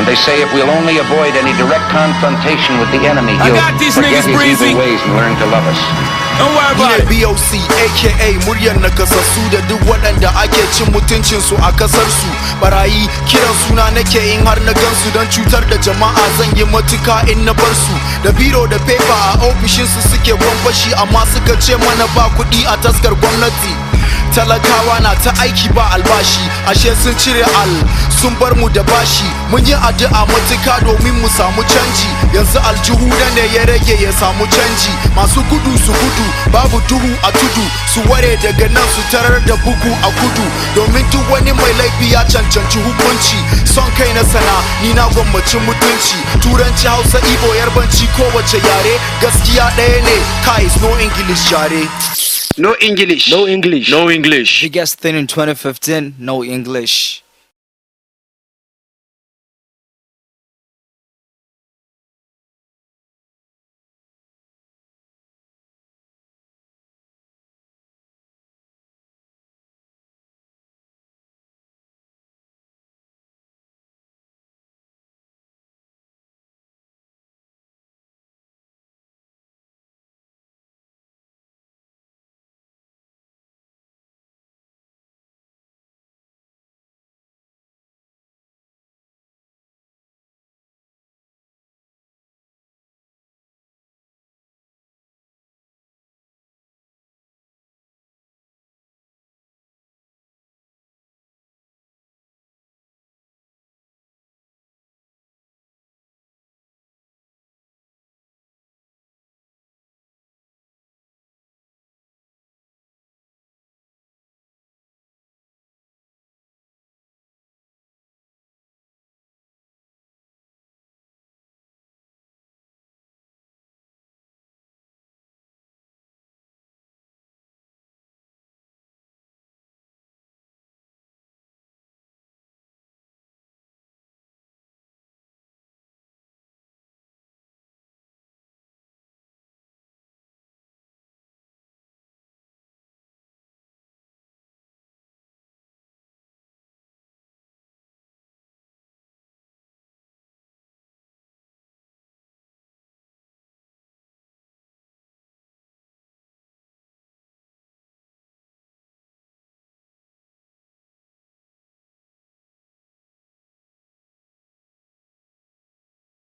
And they say if we'll only avoid any direct confrontation with the enemy, he'll I got these forget niggas his breezy. evil ways and learn to love us. Don't worry about it. BOC, aka muryar nakasassu da duk waɗanda ake cin mutuncinsu a ƙasarsu. Barayi kiran suna nake in har na gansu don cutar da jama'a zan yi matuka in na bar su. Da biro da fefa a ofishinsu suke bambashi amma suka ce mana ba kuɗi a taskar gwamnati. talakawa na ta aiki ba albashi ashe sun cire al sun bar mu da bashi mun yi addu'a matuka domin mu samu canji yanzu aljihu da ne ya rage ya samu canji masu gudu su gudu babu duhu a tudu su ware daga nan su tarar da bugu a kudu domin duk wani mai laifi ya cancanci hukunci son kai na sana ni na gwammaci mutunci turanci hausa ibo yarbanci kowace yare gaskiya ɗaya ne kai no english yare No English. No English. No English. Biggest thing in 2015, no English.